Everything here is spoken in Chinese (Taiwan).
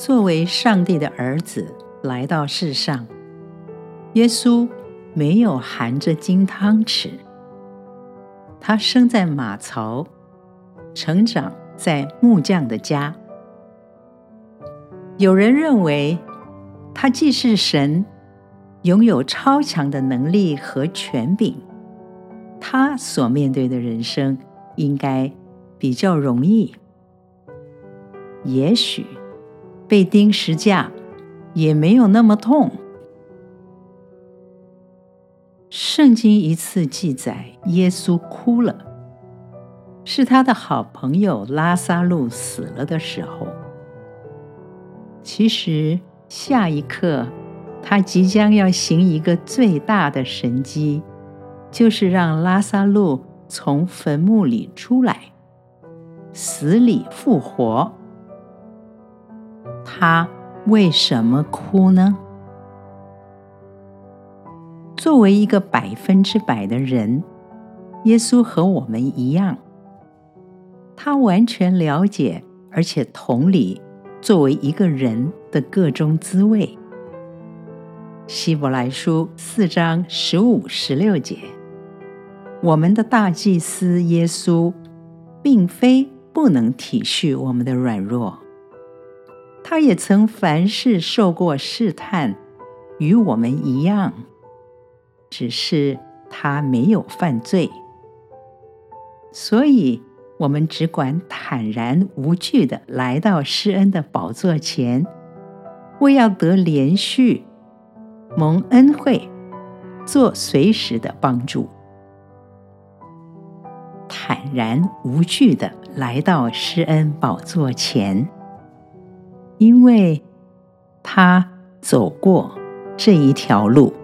作為上帝的兒子來到世上，耶穌沒有含着金湯匙。他生在馬槽，成長在木匠的家。有人認為，他既是神，擁有超強的能力和權柄，他所面對的人生應該比較容易。也許。被釘十架也沒有那麼痛。聖經一次記載，耶穌哭了，是他的好朋友拉撒路死了的時候。其實下一刻，他即將要行一個最大的神蹟，就是讓拉撒路從墳墓裡出來，死裡復活。他為什麼哭呢？作為一個百分之百的人，耶穌和我們一樣，他完全了解，而且同理，作為一個人的各種滋味。希伯來書四章十五、十六節，我們的大祭司耶穌，並非不能體恤我們的軟弱。他也曾凡事受過試探，與我們一樣，只是他沒有犯罪，所以我們只管坦然無懼的來到施恩的寶座前，為要得憐恤蒙恩惠，做隨時的幫助，坦然無懼的來到施恩寶座前。因為他走過這一條路。